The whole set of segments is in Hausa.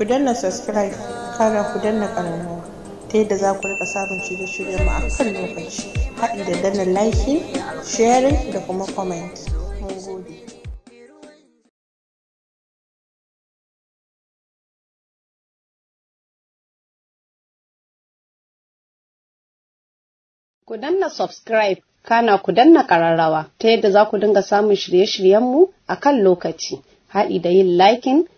ku danna subscribe kara ku danna ƙararrawa ta yadda za ku rika samun shirye shiryen mu a kan lokaci haɗi da danna like sharing da kuma comment Ku danna subscribe kana ku danna kararrawa ta yadda za ku dinga samun shirye-shiryenmu a kan lokaci, haɗi da yin liking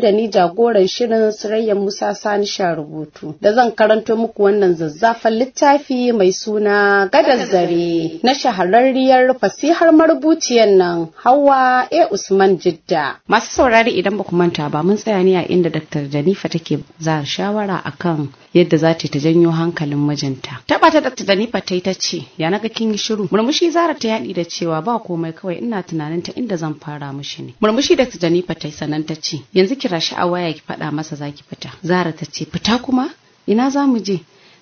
da ni jagoran shirin Sirayyar Musa Sani sha rubutu da zan karanto muku wannan zazzafan littafi mai suna Gadar Zare na shahararriyar fasihar marubuciyar nan Hawa A Usman Jidda. Masu saurari idan ba ku manta ba mun tsaya ne a inda Dr. Janifa take za shawara akan yadda za ta janyo hankalin mijinta taba ta da ni fatai ta ce ya naga kin yi shiru murmushi zara ta yaɗi da cewa ba komai kawai ina tunanin ta inda zan fara mushi ne murmushi da ta ni fatai sanan ta ce yanzu kira shi a waya ki faɗa masa za ki fita zara ta ce fita kuma ina za mu je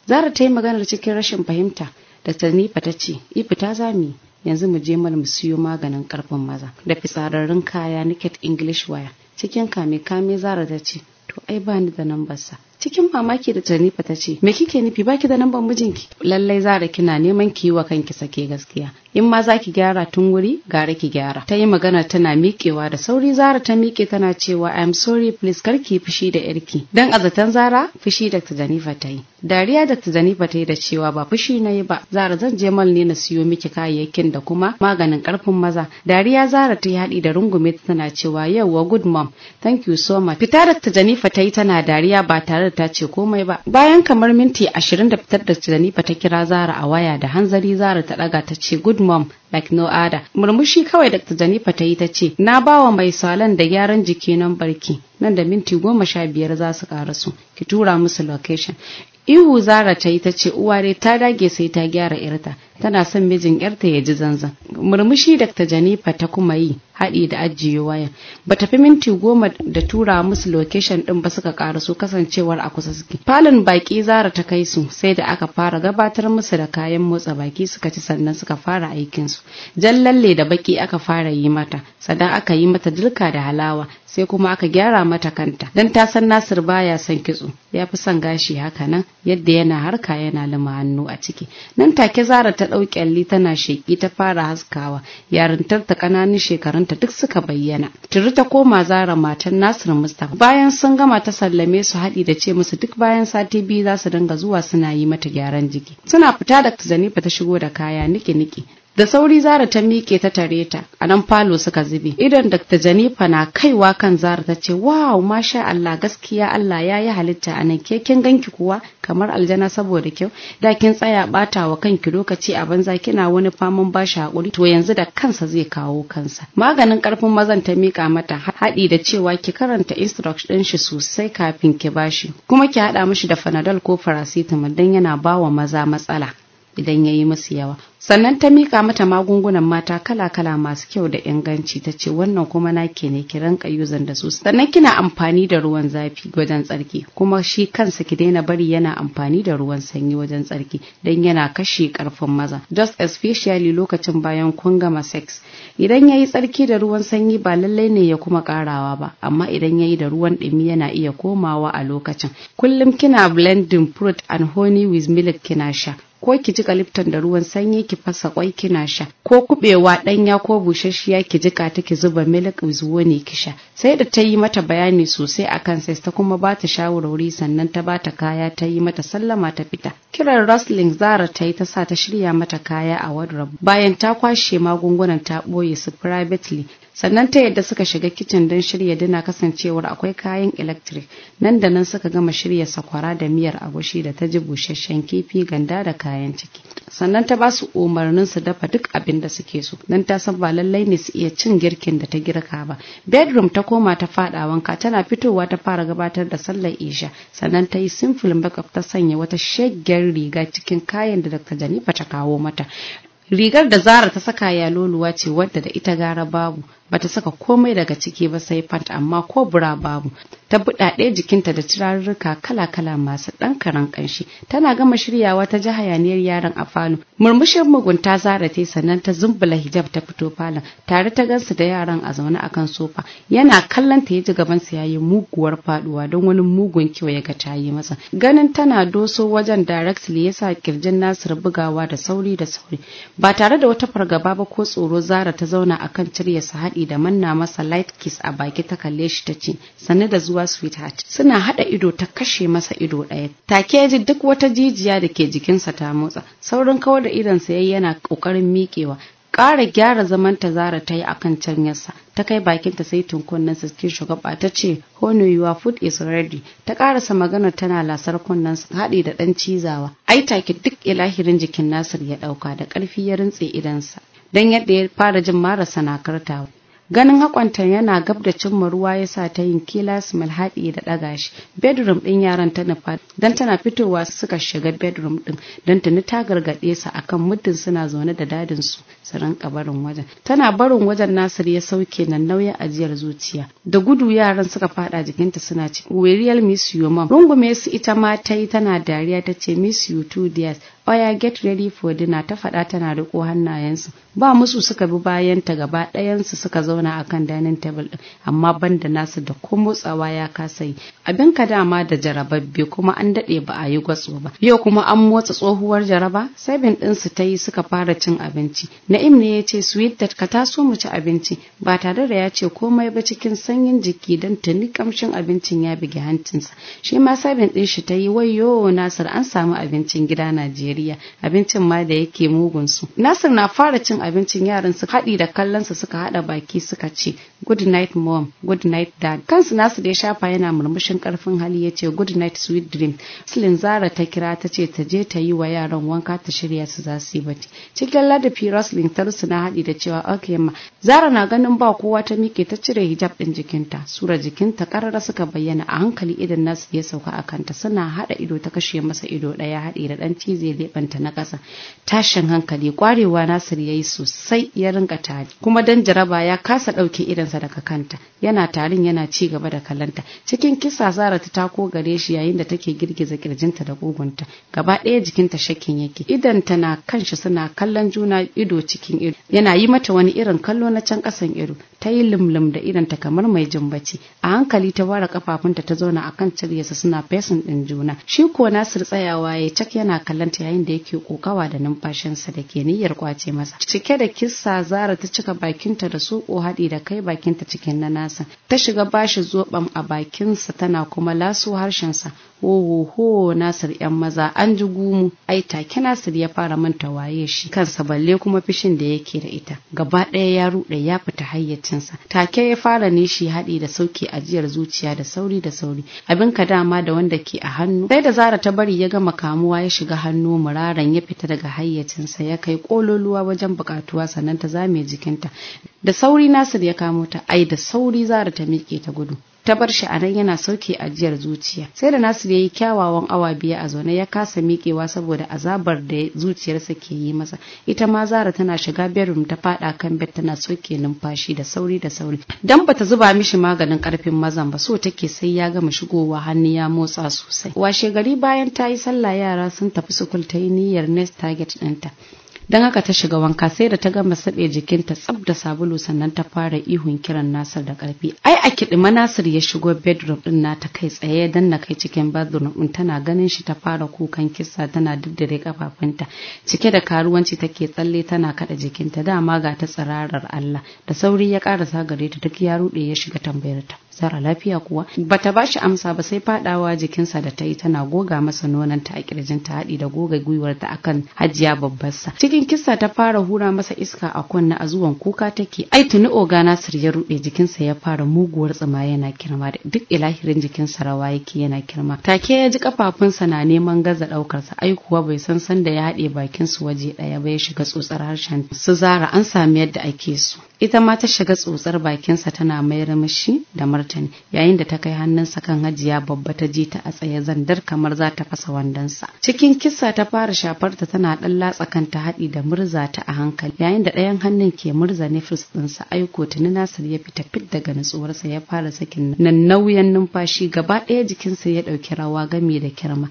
zara ta yi maganar cikin rashin fahimta da ta ni ta ce i fita za mu yi yanzu mu je mal mu siyo maganin karfin maza da fitsararrun kaya naked english waya cikin kame kame zara ta ce to ai ba ni da basa cikin mamaki da Jennifer ta ce me kike nufi baki da namban mijinki lallai zara kina neman ki yi wa kanki sake gaskiya in ma za ki gyara tun wuri gara ki gyara ta yi magana tana miƙewa da sauri zara ta miƙe tana cewa i am sorry please kar ki fushi da yarki dan azatan zara fushi da Jennifer ta yi dariya da ta ba ta yi da cewa ba fushi na yi ba zara zan je mal ne na siyo miki kayayyakin da kuma maganin karfin maza dariya zara ta yi haɗi da rungume tana cewa Yau, wa good mom thank you so much fita da tuzanifa ta yi tana dariya ba tare da ta ce komai ba bayan kamar minti ashirin da fitar da tuzanifa ta kira zara a waya da hanzari zara ta ɗaga ta ce good mom like no other murmushi kawai da tuzanifa ta yi ta ce na bawa mai salon da gyaran jiki nan barki nan da minti goma sha biyar za su su, ki tura musu location ihu zara ta yi ta ce uwa dai ta dage sai ta gyara irta tana son mijin yarta ya ji zanzan murmushi da ta janifa ta kuma yi haɗi da ajiye waya. ba tafi minti goma da tura musu location ɗin ba suka ƙara su kasancewar a kusa suke falon baƙi zara ta kai su sai da aka fara gabatar musu da kayan motsa baki suka ci sannan suka fara aikinsu jan lalle da baƙi aka fara yi mata sannan aka yi mata dilka da halawa sai kuma aka gyara mata kanta dan ta san nasir baya son kitso ya fi son gashi haka nan yadda yana harka yana lima hannu a ciki nan take zara ta ɗau kyalli tana sheki ta fara haskawa yarintar ta ƙananun shekarunta duk suka bayyana tiri ta koma zara matan nasir Mustafa. bayan sun gama ta sallame su haɗi da ce musu duk bayan sati biyu za su dinga zuwa suna yi mata gyaran jiki suna fita da zanifa ta shigo da kaya niki niki da sauri zara ta miƙe ta tare ta a nan falo suka zube idan dr janifa na kaiwa kan zara ta ce wow masha allah gaskiya allah ya yi halitta a nan keken ganki kuwa kamar aljana saboda kyau da kin tsaya bata wa kanki lokaci a banza kina wani faman bashi hakuri to yanzu da kansa zai kawo kansa maganin karfin mazan ta mika mata haɗi da cewa ki karanta instruction ɗin shi sosai kafin ki bashi kuma ki haɗa mishi da fanadol ko paracetamol don yana bawa maza matsala idan ya yi musu yawa sannan ta mika mata magungunan mata kala-kala masu kyau da inganci ta ce wannan kuma nake ne kiran ranka da su sannan kina amfani da ruwan zafi wajen tsarki kuma shi kansa ki daina bari yana amfani da ruwan sanyi wajen tsarki don yana kashe karfin maza just especially lokacin bayan kun gama sex idan ya yi tsarki da ruwan sanyi ba lallai ne ya kuma ƙarawa ba amma idan ya yi da ruwan ɗumi yana iya komawa a lokacin kullum kina blending fruit and honey with milk kina sha ko ki jika liftan da ruwan sanyi ki fasa kwai kina sha ko kubewa danya ko busasshiya ki jika ta ki zuba milk zuwa ne ki sha sai da ta yi mata bayani sosai akan sai ta kuma ba ta shawarwari sannan ta ba ta kaya ta yi mata sallama ta fita kiran rustling zara ta yi ta sa ta shirya mata kaya a wardrobe bayan ta kwashe magungunan ta boye su privately sannan ta yadda suka shiga kicin don shirya dina kasancewar akwai kayan electric nan da nan suka gama shirya sakwara da miyar agushi da ta ji busasshen kifi ganda da kayan ciki sannan ta basu umarnin su dafa duk abin da suke so Nan ta san ba lallai ne su iya cin girkin da ta girka ba bedroom ta koma ta fada wanka tana fitowa ta fara gabatar da sallar isha sannan ta yi simple makeup ta sanya wata shaggar riga cikin kayan da dr janifa ta kawo mata rigar da zara ta saka yaloluwa ce wadda da ita gara babu bata saka komai daga ciki ba sai pant amma ko bura babu ta buɗaɗe jikinta da turarruka kala-kala masu ɗan karan ƙanshi tana gama shiryawa ta ji hayaniyar yaron a falo murmushin mugunta zara ta sannan ta zumbula hijab ta fito falon tare ta gansu da yaran a zaune akan sofa yana kallon ta ji gaban su yayi muguwar faduwa don wani mugun kyau ya ga ta yi masa ganin tana doso wajen directly yasa kirjin Nasiru bugawa da sauri da sauri ba tare da wata fargaba ba ko tsoro zara ta zauna akan cirya su haɗi da manna masa light kiss a baki ta kalle shi ta ce sanne da zuwa sweetheart suna haɗa ido ta kashe masa ido ɗaya take ji duk wata jijiya da ke jikinsa ta motsa saurin kawar da idonsa yayi yana ƙoƙarin miƙewa Kara gyara zaman ta zara ta yi a kan canyarsa ta kai bakinta sai tunkunnan sa ke shugaba ta ce hono your food is ready ta karasa maganar tana lasar kunnen haɗi da ɗan cizawa ai take duk ilahirin jikin nasir ya ɗauka da ƙarfi ya rintse idansa don yadda ya fara jin marasa na ba. ganin hakonta yana gab da cimma ruwa ya sa ta yin kilas malhaɗi da ɗaga shi bedroom ɗin yaran ta nufa don tana fitowa suka shiga bedroom ɗin don tuni ta gargaɗe su akan muddin suna zaune da dadin su su rinka barin wajen tana barin wajen Nasir ya sauke nan nauyin ajiyar zuciya da gudu yaran suka faɗa jikinta suna ci we real miss you mom rungume su ita ma ta yi tana dariya ta ce miss you too oya oh, get ready for dinner ta faɗa tana riko hannayensu ba musu suka bi bayan ta gaba ɗayansu suka zauna a kan dining table ɗin amma banda nasu da ko motsawa ya kasa yi abin ka dama da jarababbe kuma an daɗe ba a yi gwatso ba yau kuma an motsa tsohuwar jaraba sabin ɗinsu ta yi suka fara cin abinci na'im ne ya ce sweet ka taso mu ci abinci ba tare da ya ce komai ba cikin sanyin jiki don tuni kamshin abincin ya bige hancinsa shi ma sabin ɗin shi ta yi wayo nasir an samu abincin gida najeriya kariya abincin ma da yake mugun su nasir na fara cin abincin yaran su haɗi da kallon su suka haɗa baki suka ce good night mom good night dad kansu nasir ya shafa yana murmushin karfin hali ya ce good night sweet dream silin zara ta kira ta ce ta je ta yi wa yaran wanka ta shirya su za su yi bacci cikin ladafi rosling ta na haɗi da cewa okay ma zara na ganin ba kowa ta mike ta cire hijab ɗin jikinta sura jikinta ƙarara suka bayyana a hankali idan nasu ya sauka a kanta suna haɗa ido ta kashe masa ido ɗaya haɗi da ɗan cizeli geɓenta na ƙasa tashin hankali ƙwarewa nasir ya yi sosai ya rinka tari kuma dan jaraba ya kasa ɗauke irinsa daga kanta yana tarin yana ci gaba da kallonta. cikin kisa zara ta tako gare shi yayin da take girgiza kirjinta da gugunta gaba ɗaya jikinta shakin yake idanta na kanshi suna kallon juna ido cikin ido yana yi mata wani irin kallo na can ƙasan ido ta yi lumlum da idanta kamar mai jin bacci a hankali ta ware kafafunta ta zauna akan ciryarsa suna fesin ɗin juna shi ko nasir tsayawa ya cak yana kallanta yayin yayin da yake kokawa da numfashinsa da ke niyyar kwace masa cike da kissa zara ta cika bakinta da soko haɗi da kai bakinta cikin na nasa ta shiga bashi zoben a bakinsa tana kuma laso harshensa ho nasir yan maza an ji gumu ai take nasir ya fara manta waye shi kansa balle kuma fishin da yake da ita gaba ɗaya ya ruɗe ya fita hayyacinsa take ya fara nishi haɗi da sauki ajiyar zuciya da sauri da sauri abin ka dama da wanda ke a hannu sai da zara ta bari ya gama kamuwa ya shiga hannu muraran ya fita daga hayyacinsa ya kai ƙololuwa wajen buƙatuwa, sannan ta zame jikinta da sauri nasir ya kamo ta ai da sauri zara ta miƙe ta gudu ta bar shi anan yana sauke ajiyar zuciya sai da Nasir yayi kyawawan awa biya a zaune ya kasa miƙewa saboda azabar da zuciyarsa ke yi masa ita ma Zara tana shiga bedroom ta fada kan bed tana soke numfashi da sauri da sauri dan bata zuba mishi maganin karfin mazan ba so take sai ya gama shigowa hannu ya motsa sosai washe gari bayan ta yi sallah yara sun tafi sukul ta yi niyyar next target ɗinta don haka ta shiga wanka sai da ta gama saɓe jikinta tsab da sabulu sannan ta fara ihun kiran nasir da ƙarfi ai a kiɗima nasir ya shigo bedroom ɗin nata kai tsaye don na kai cikin bedroom ɗin tana ganin shi ta fara kukan kisa tana diddire kafafunta cike da karuwanci take tsalle tana kaɗa jikinta dama ga ta tsirarar Allah da sauri ya ƙarasa gare ta duk ya ruɗe ya shiga tambayar ta zara lafiya kuwa bata bashi amsa ba sai fadawa jikinsa da ta yi tana goga masa nonon ta a kirjin ta haɗi da goga gwiwar ta akan hajiya sa. cikin kissa ta fara hura masa iska a kunna a zuwan kuka take ai tuni oga Nasir ya ruɗe jikinsa ya fara muguwar tsima yana kirma da duk ilahirin jikinsa rawa yake yana kirma take ya ji kafafunsa na neman gaza ɗaukarsa ai kuwa bai san san da ya haɗe bakinsu waje ɗaya ba ya shiga tsotsar harshen su zara an sami yadda ake so ita ma ta shiga tsotsar bakinsa tana mayar mishi da mar yayin da ta kai hannunsa kan hajiya babba ta ji ta a tsaye zandar kamar za ta fasa wandonsa cikin kisa ta fara shafar ta tana dan latsa kanta haɗi da murza ta a hankali yayin da ɗayan hannun ke murza ne ɗinsa aiko tuni nasir ya fita fit daga nutsuwarsa ya fara sakin nan nauyin numfashi gaba ɗaya jikinsa ya ɗauki rawa gami da kirma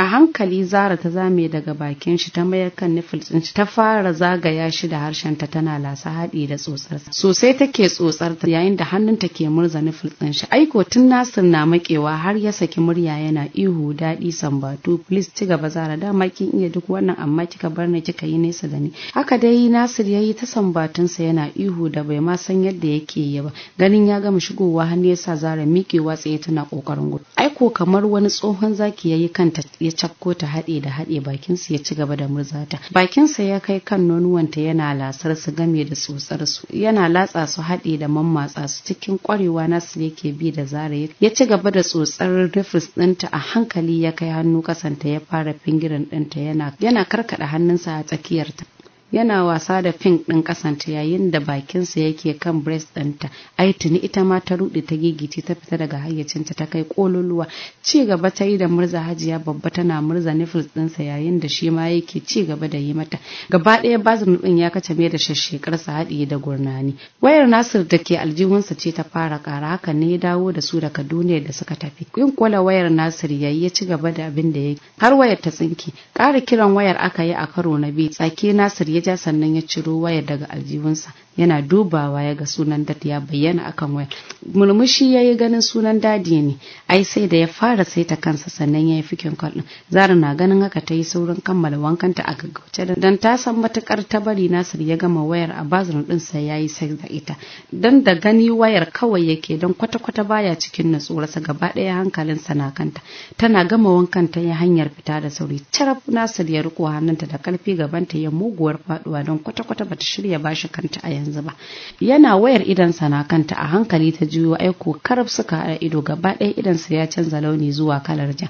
a hankali zara ta zame daga bakin shi ta mayar kan nufil shi. ta fara zagaya shi da harshen ta tana lasa haɗi da tsotsar sosai take tsotsar ta yayin da hannunta ke murza nufil ɗin shi aiko tun nasir na makewa har ya saki murya yana ihu daɗi sambatu please ci gaba zara dama kin iya duk wannan amma kika bar ni kika yi nesa da ni haka dai nasir ya yi ta sambatunsa yana ihu da bai ma san yadda yake yi ba ganin ya gama shigowa hannu ya sa zara miƙewa tsaye tana ƙoƙarin gudu aiko kamar wani tsohon zaki ya yi kanta ya cakko ta haɗe da haɗe bakinsa ya ci gaba da murzata bakinsa ya kai kan nonuwanta yana lasar su game da tsotsar su yana latsa su haɗe da mammatsa su cikin ƙwarewa nasu yake bi da zara ya ci gaba da tsotsar rufus ɗinta a hankali ya kai hannu kasanta ya fara fingiran ɗinta yana yana karkaɗa hannunsa a tsakiyarta yana wasa da fin ɗin ƙasanta yayin da bakinsa yake kan breast ɗinta ai tuni ita ma ta ruɗe ta gigice ta fita daga hayyacinta ta kai ƙololuwa ci gaba ta yi da murza hajiya babba tana murza nipples ɗinsa yayin da shi ma yake ci gaba da yi mata gaba ɗaya bazin ɗin ya kace mai da sa haɗiye da gurnani wayar nasir da ke aljihunsa ce ta fara ƙara haka ne ya dawo da su daga duniyar da suka tafi yin kwala wayar nasir yayi ya ci gaba da abin da ya har wayar ta tsinke ƙara kiran wayar aka yi a karo na biyu tsaki nasir ya ja sannan ya ciro wayar daga aljihunsa yana dubawa ya ga sunan dad ya bayyana akan waya murmushi ya yi ganin sunan dadi ne ai sai da ya fara saita kansa sannan ya yi fikin kwal zara na ganin haka ta yi saurin kammala wankanta a gaggauce dan ta san matukar ta bari nasir ya gama wayar a bazin din sai ya yi sai da ita dan da gani wayar kawai yake dan kwata-kwata baya cikin sa gaba ɗaya hankalinsa na kanta tana gama wankan ta ya hanyar fita da sauri carab nasir ya riko hannunta da karfi gabanta ya muguwar faduwa don kwata-kwata bata shirya bashi kanta a yanzu yanzu ba yana wayar idansa na kanta a hankali ta juyo aiko karab suka haɗa ido gaba ɗaya idansa ya canza launi zuwa kalar ja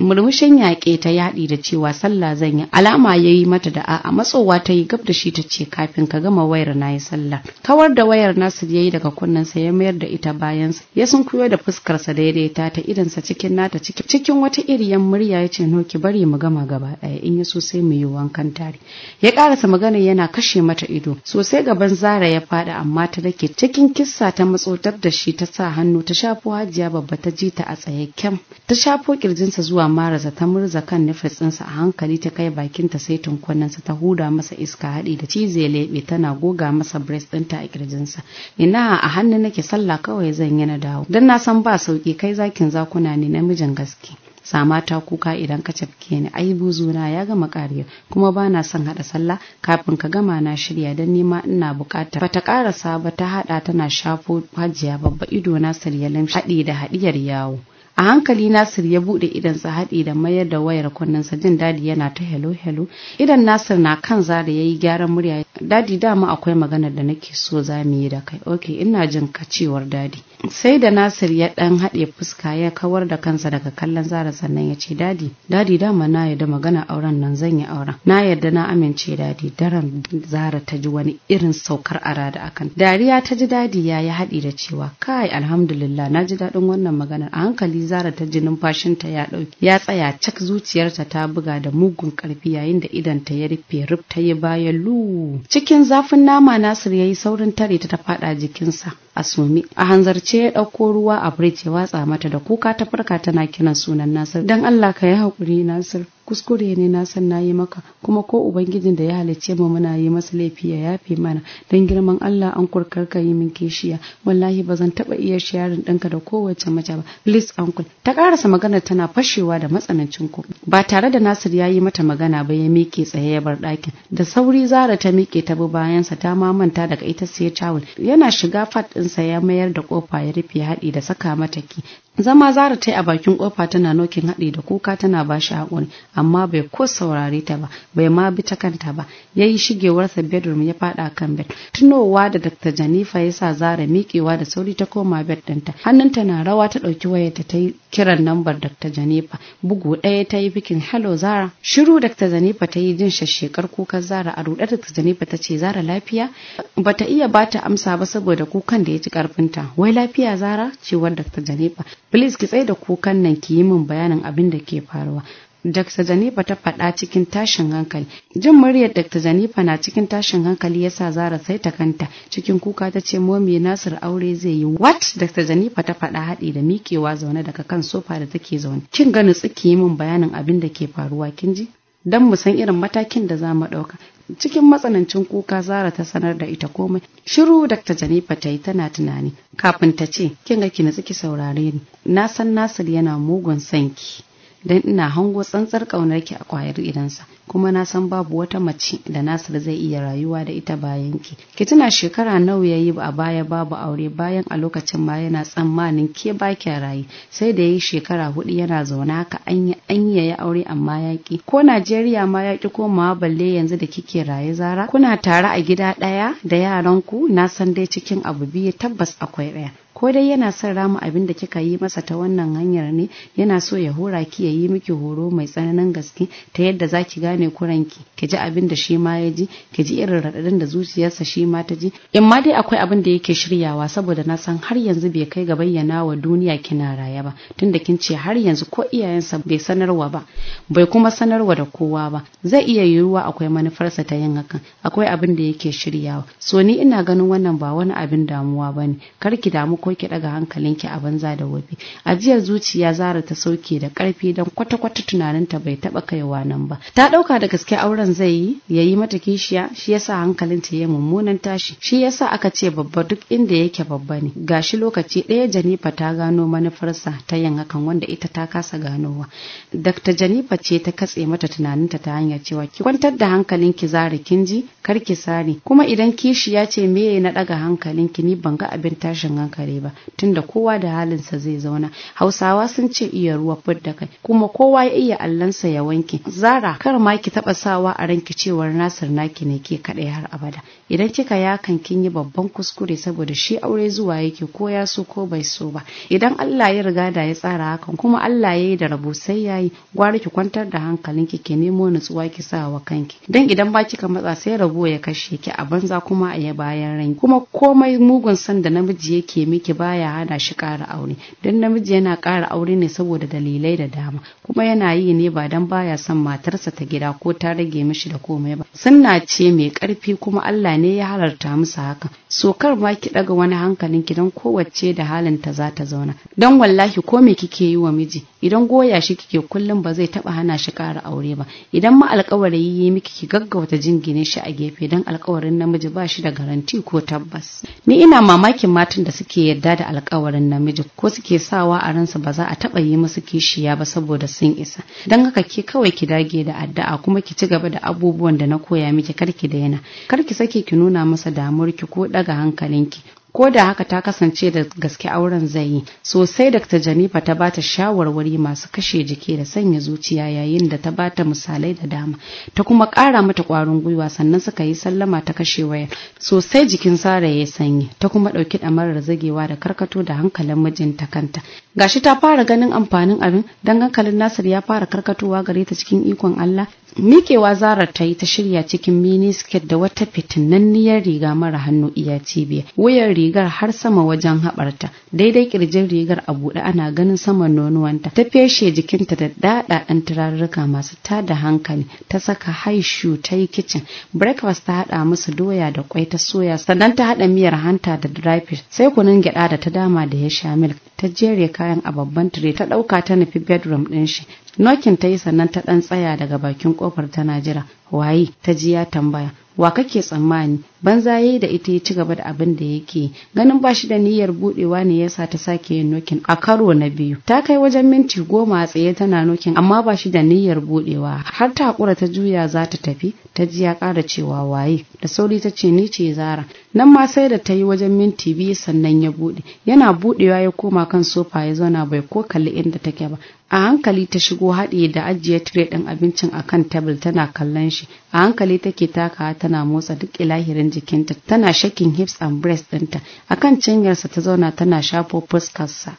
murmushin yaƙe ta yaɗi da cewa sallah zan yi alama ya yi mata da a'a matsowa ta yi gab da shi ta ce kafin ka gama wayar na yi sallah kawar da wayar nasir ya yi daga kunnensa ya mayar da ita bayansa ya sun kuyo da fuskarsa daidaita ta idansa cikin nata cikin wata iriyan murya ya ce no ki bari mu gama gaba ɗaya in ya so sai mu yi wankan tare ya ƙarasa magana yana kashe mata ido sosai gaban zara ya faɗi amma ta dake cikin kissa ta matsotar da shi ta sa hannu ta shafo hajiya babba ta ji ta a tsaye kyam ta shafo kirjinsa zuwa marasa ta murza kan nufis ɗinsa a hankali ta kai bakinta sai tunkunansa ta huda masa iska haɗi da cizai leɓe tana goga masa breast ɗinta a ƙirjinsa ina a hannu nake sallah kawai zan yi na dawo don na san ba sauƙi kai zakin zakuna ne namijin gaske sama ta kuka idan ka cafke ni ai buzuna ya gama kariya kuma ba na son haɗa sallah kafin ka gama na shirya don nema ina bukata bata ƙarasa ba ta haɗa tana shafo hajiya babba ido na sarya lamshi haɗi da haɗiyar yawo a hankali nasir ya bude sa haɗi da mayar da wayar sa. jin dadi yana ta hello hello idan nasir na kan zara ya yi gyaran murya dadi dama akwai maganar da nake so za mu yi da kai ok ina jin ka dadi sai da nasir ya dan haɗe fuska ya kawar da kansa daga kallon zara sannan ya ce dadi dadi dama na yarda magana auren nan zan yi auren na yarda na amince dadi daren zara ta ji wani irin saukar ara da akan dariya ta ji dadi ya yi haɗi da cewa kai alhamdulillah na ji daɗin wannan maganar a hankali zara ta ji numfashinta ya ɗauki ya tsaya cak zuciyarta ta buga da mugun karfi yayin da idan ta ya rufe rub ta yi baya lu cikin zafin nama nasir ya yi saurin tare ta ta faɗa jikinsa a sumi a hanzarci ce ya ɗauko ruwa a firij ya watsa mata da kuka ta farka tana kiran sunan Nasir. Dan Allah ka yi haƙuri Nasir. kuskure ne na san na yi maka kuma ko ubangijin da ya halicce mu muna yi masa laifi ya yafe mana Don girman Allah an kurkar ka yi min kishiya wallahi ba zan taba iya sharing ɗinka da kowace mace ba please uncle ta karasa magana tana fashewa da matsanancin ku ba tare da Nasir ya yi mata magana ba ya miƙe tsaye ya bar ɗakin da sauri Zara ta miƙe ta bi bayansa ta ma manta daga ita sai ya tawul yana shiga fat ɗinsa ya mayar da kofa ya rufe haɗi da saka mata ki zama zara ta yi a bakin kofa tana nokin haɗi da kuka tana ba shi haƙuri amma bai ko saurare ta ba bai ma bi ta kanta ba ya yi shigewarsa bedroom ya faɗa kan bed tunowa da dr janifa ya sa zara miƙewa da sauri ta koma bed ɗinta hannunta na rawa ta ɗauki wayarta ta yi kiran lambar dr janifa bugu ɗaya ta yi bikin hello zara shiru dr janifa ta yi jin shashshekar kukan zara a ruɗe dr janifa ta ce zara lafiya bata iya bata amsa ba saboda kukan da ya ci ƙarfinta wai lafiya zara cewar dr janifa please ki tsaye da kukan nan ki yi min bayanin abin da ke faruwa Dr. Zanifa ta faɗa cikin tashin hankali. Jin muryar Dr. Zanifa na cikin tashin hankali yasa Zara sai ta kanta cikin kuka ta ce momi Nasir aure zai yi. Wat Dr. Zanifa ta faɗa haɗi da mikewa zaune daga kan sofa da take zaune. Kin gani nutsi min bayanin abin da ke faruwa kin ji? Don mu san irin matakin da za mu ɗauka. cikin matsanancin kuka zara ta sanar da ita komai shiru Dr. janifa ta yi tana tunani kafin ta ce kin ga ki ki saurare ni na san nasir yana mugun sanki don ina hango tsantsar ƙaunar ki a kwayar idansa kuma na san babu wata mace da Nasir zai iya rayuwa da ita bayan ki ki tuna shekara nawa yayi a baya babu aure bayan a lokacin ma yana tsammanin ke ba ki rayi sai da yayi shekara hudu yana zaune haka anya anya ya aure amma yaki ko Najeriya ma yaki komawa balle yanzu da kike raye Zara kuna tare a gida ɗaya da yaran ku na san dai cikin abu biyu tabbas akwai ɗaya ko dai yana son rama abin da kika yi masa ta wannan hanyar ne yana so ya hura ki ya yi miki horo mai tsananin gaske ta yadda za ki gane kuranki ki ji abin da shi ma ya ji ki ji irin raɗaɗin da zuciyarsa shi ma ta ji in ma dai akwai abin da yake shiryawa saboda na san har yanzu bai kai ga bayyana wa duniya kina raye ba tunda kin ce har yanzu ko iyayensa bai sanarwa ba bai kuma sanarwa da kowa ba zai iya yiwuwa akwai manufarsa ta yin hakan akwai abin da yake shiryawa so ni ina ganin wannan ba wani abin damuwa bane kar ki damu ko ki daga hankalinki a banza da wofi ajiyar zuciya zara ta sauke da karfi dan kwata-kwata tunaninta bai taba kaiwa nan ba ta dauka da gaske auren zai yi yayi mata kishiya shi yasa hankalinta ya mummunan tashi shi yasa aka ce babba duk inda yake babba ne gashi lokaci ɗaya Janifa ta gano manufarsa ta yin hakan wanda ita ta kasa ganowa Dr. Janifa ce ta katse mata tunaninta ta hanyar cewa ki kwantar da hankalinki zara kin ji kar ki sare kuma idan kishiya ce me na daga hankalinki ni ban ga abin tashin hankali kai ba tunda kowa da halinsa zai zauna hausawa sun ce iya ruwa fidda kai kuma kowa ya iya allansa ya wanke zara kar ma ki taba sawa a ranki cewar nasir naki ne ke kaɗai har abada idan kika yakan kin yi babban kuskure saboda shi aure zuwa yake ko ya so ko bai so ba idan Allah ya riga da ya tsara hakan kuma Allah ya yi da rabo sai ya yi gwara ki kwantar da hankalinki ki nemo nutsuwa ki sa wa kanki dan idan ba kika matsa sai rabo ya kashe ki a banza kuma a ya bayan rai kuma komai mugun san da namiji yake miki baya hada shi ƙara aure dan namiji yana ƙara aure ne saboda dalilai da dama kuma yana yi ne ba dan baya son matarsa ta gida ko ta rage mishi da komai ba sunna ce mai ƙarfi kuma Allah ne ya halarta musu hakan so kar ma ki daga wani hankalin ki don kowace da halin ta za ta zauna don wallahi ko me kike yi wa miji idan goya shi kike kullum ba zai taba hana shi ƙara aure ba idan ma alƙawari yi miki ki gaggauta jingine shi a gefe don alƙawarin namiji ba shi da garanti ko tabbas ni ina mamakin matan da suke yadda da alƙawarin namiji ko suke sawa a ransa ba za a taba yi musu kishiya ba saboda sun isa don haka ke kawai ki dage da addu'a kuma ki ci gaba da abubuwan da na koya miki kar ki daina kar ki sake ki nuna masa ki ko daga hankalinki ko da haka ta kasance da gaske auren zai yi sosai dr janifa ta bata shawarwari masu kashe jiki da sanya zuciya yayin da ta bata misalai da dama ta kuma ƙara mata ƙwarin gwiwa sannan suka yi sallama ta kashe waya sosai jikin sara ya sanyi ta kuma ɗauki ɗamarar zagewa da karkato da hankalin mijinta kanta gashi ta fara ganin amfanin abin dan hankalin nasir ya fara karkatowa gare ta cikin ikon allah mikewa zara ta yi ta shirya cikin minisket da wata fitinanniyar riga mara hannu iya cibiya wuyar rigar har sama wajen haɓarta daidai ƙirjin rigar a buɗe ana ganin saman nonuwanta ta feshe jikinta da daɗa ɗan turarruka masu tada hankali ta saka haishu ta yi kicin breakfast ta haɗa musu doya da kwai ta soya sannan ta haɗa miyar hanta da dry fish sai kunun gyaɗa da ta dama da ya sha milk ta jere kayan a babban tire ta ɗauka ta nufi bedroom ɗin shi nokin ta yi sannan ta ɗan tsaya daga bakin ƙofar tana jira waye ta ji ya tambaya wa kake tsammani banza yayi da ita ya ci gaba da abin da yake ganin ba shi da niyyar budewa ne yasa ta sake yin nokin a karo na biyu ta kai wajen minti goma a tsaye tana nokin amma ba shi da niyyar budewa har ta hakura ta juya za ta tafi ta ji ya kara cewa waye da sauri ta ce ni ce zara nan ma sai da ta yi wajen minti biyu sannan ya bude yana budewa ya koma kan sofa ya zauna bai ko kalli inda take ba a hankali ta shigo haɗe da ajiye tire ɗin abincin akan tabil tana kallon shi a hankali take takawa tana motsa duk ilahirin jikinta tana shakin hips and breast ɗinta akan cinyarsa ta zauna tana shafo fuskarsa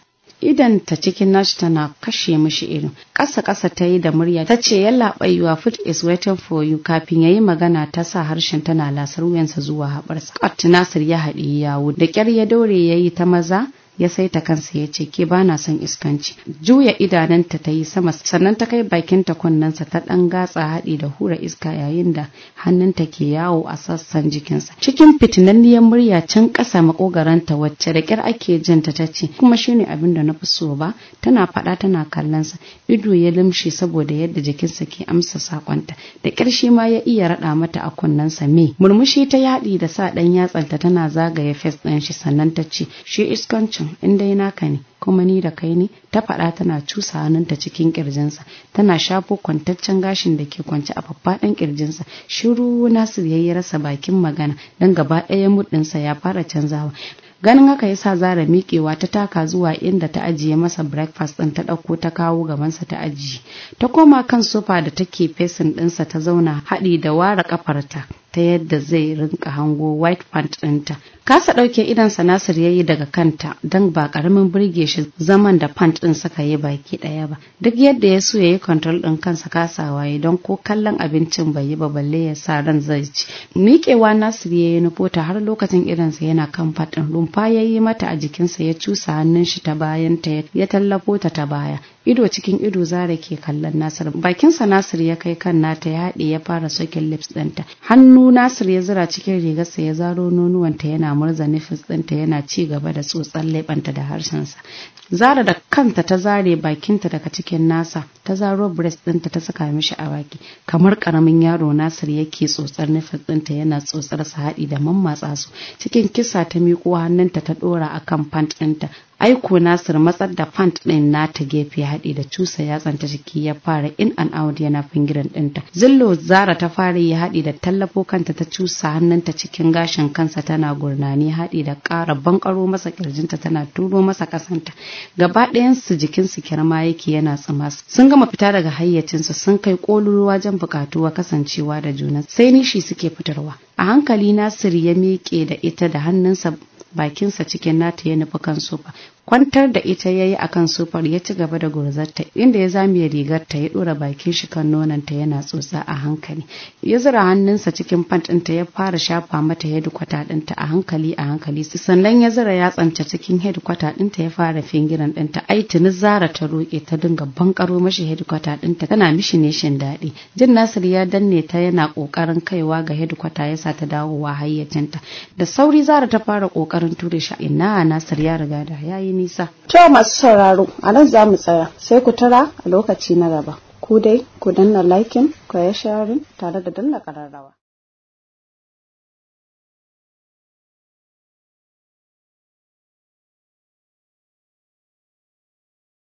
idan ta cikin nashi tana kashe mishi irin ƙasa ƙasa ta yi da murya ta ce yalla bayuwa foot is waiting for you kafin ya yi magana ta sa harshen tana lasar wuyansa zuwa haɓarsa Scott Nasir ya haɗi yawo da ƙyar ya dore ya yi ta maza ya saita kansa ya ce ke bana son iskanci juya idananta ta yi sama sannan ta kai bakinta kunnensa ta ɗan gatsa haɗi da hura iska yayin da hannunta ke yawo a sassan jikinsa cikin fitinanniyar murya can ƙasa makogaranta wacce da ƙyar ake jinta ta ce kuma shine abin da na fi so ba tana faɗa tana kallonsa ido ya limshe saboda yadda jikinsa ke amsa sakonta da ƙyar shi ma ya iya raɗa mata a kunnensa me murmushi ta yaɗi da sa ɗan yatsanta tana zagaye fes ɗin shi sannan ta ce shi iskancin in dai naka ne kuma ni da kai ne ta faɗa tana cusa hannunta cikin kirjinsa tana shafo kwantaccen gashin da ke kwance a faffaɗan kirjinsa shiru nasir yi rasa bakin magana don gaba ɗaya muɗinsa ya fara canzawa ganin haka ya sa zara miƙewa ta taka zuwa inda ta ajiye masa breakfast ɗin ta ɗauko ta kawo gabansa ta ajiye ta koma kan sofa da take fesin ɗinsa ta zauna haɗi da ware ƙafarta ta yadda zai rinka hango white pant ɗinta kasa ɗauke sa nasir yayi daga kanta don ba ƙaramin burge shi zaman da pant ɗin suka yi baki ɗaya ba duk yadda ya so ya yi kontrol ɗin kansa kasawa waye don ko kallon abincin bai yi ba balle ya sa ran zai ci miƙewa nasir ya yi nufo har lokacin idansa yana kan faɗin rumfa ya yi mata a jikinsa ya cusa hannun shi ta bayan ta ya tallafo ta ta baya ido cikin ido zara ke kallon nasir bakinsa nasir ya kai kan nata ya haɗe ya fara sokin lips ɗinta hannu nasir ya zira cikin rigarsa ya zaro nonuwanta yana murza nufis ɗinta yana ci gaba da tsotsar leɓanta da harshensa zara da kanta ta zare bakinta daga cikin nasa ta zaro breast ɗinta ta saka mishi a baki kamar karamin yaro nasir yake tsotsar nufis ɗinta yana tsotsar sa haɗi da mammatsa su cikin kisa ta miƙo hannunta ta ɗora akan pant ɗinta aiko nasir matsar da fant ɗin nata gefe haɗe da cusa yatsan ta jiki ya fara in an out yana fingiran ɗinta zillo zara ta fara yi haɗe da tallafo kanta ta cusa hannunta cikin gashin kansa tana gurnani haɗe da ƙara bankaro masa ƙirjinta tana turo masa ƙasanta gaba ɗayansu jikinsu kirma yake yana tsima sun gama fita daga hayyacinsu sun kai ƙoluluwa wajen buƙatuwa kasancewa da juna sai nishi suke fitarwa a hankali nasir ya miƙe da ita da hannunsa bakinsa cikin nata ya nufi kan ba. kwantar da ita yayi kan sufar ya ci gaba da gurzarta inda ya zame rigarta ya dora bakin shi kan nonanta yana tsotsa a hankali ya zura hannunsa cikin fantinta ɗinta ya fara shafa mata hedikwata ɗinta a hankali a hankali sannan ya zura ya tsance cikin hedikwata ɗinta ya fara fingiran ɗinta ai tuni zara ta roƙe ta dinga bankaro mashi hedikwata ɗinta tana mishi ne shin daɗi jin nasir ya danne ta yana ƙoƙarin kaiwa ga hedikwata ya sa ta dawowa hayyacinta da sauri zara ta fara ƙoƙarin ture shi ina nasir ya riga da yayi nisa. To masu sauraro a nan za mu tsaya sai ku tara a lokaci na gaba. Ku dai ku danna laikin ku ya sharing tare da danna ƙararrawa.